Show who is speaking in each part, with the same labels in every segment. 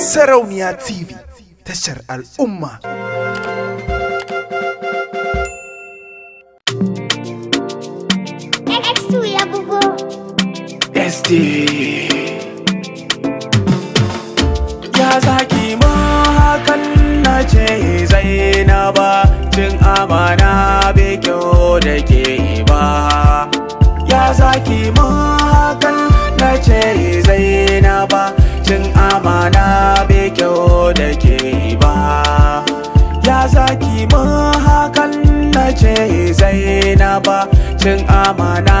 Speaker 1: Sarauniya TV tashar al'umma. ya zaki ma hakan na ce ba cin amana bai ke zaina ba cin amana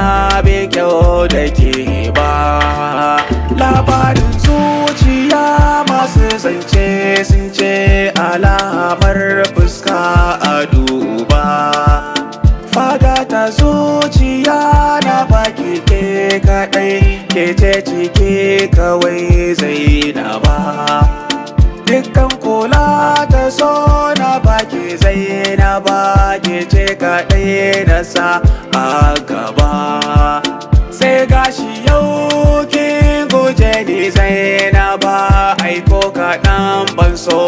Speaker 1: bai kyau da ke ba labarin zuciya masu zance sun ce alamar fuska a duba fada ta zuciya na baki ke kaɗai ke ce cike kawai zaina ba dukkan kula so na baki zai na baki ce kaɗai na sa a gaba sai gashi yau ki guje ni zai na ba aiko kaɗan ban so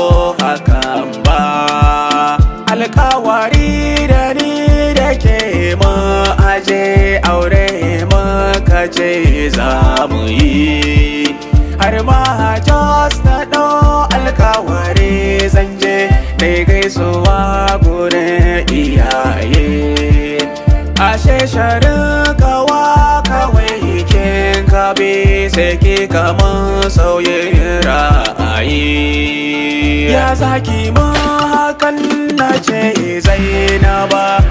Speaker 1: hakan ba alkawari da ni da ke ma aje aure ka ce za mu yi har ma kashe kawa kawai hikin kabi sai ki kamun sauyin ra'ayi ya zaki ma hakan na ce eh, zai na ba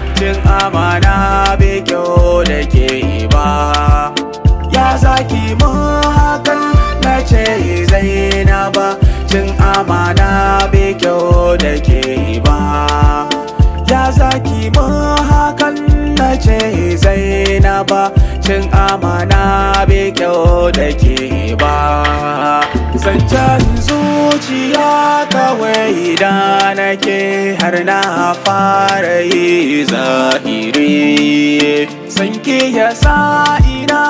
Speaker 1: mun hakan na ce zainaba cin amana bai kyau da ke ba zancen zuciya kawai da nake har na fara yi zahiri ke ya sa ina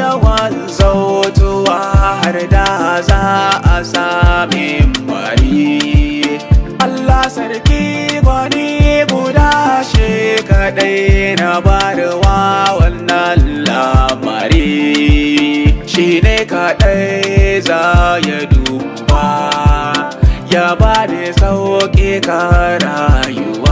Speaker 1: yawan zautuwa har da za a sa kaɗai na barwa wannan lamari shi ne kaɗai za ya duba ya ba da sauƙi ka rayuwa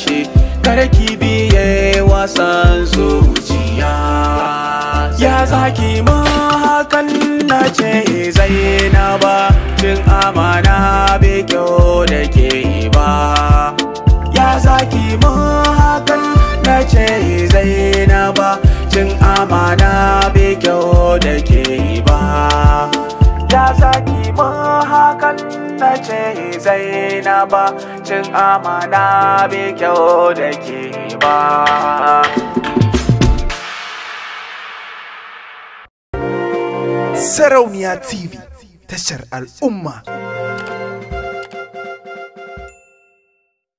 Speaker 1: hasashe kada ki biye wasan zuciya ya zaki ma hakan na ce eh, zai na ba cin amana be kyau da ke ba ya zaki ma hakan na ce eh, zai na ba cin amana be kyau da ke ba ya zaki ta ce ba, cin amana bai kyau da ke ba sarauniya tv tashar al'umma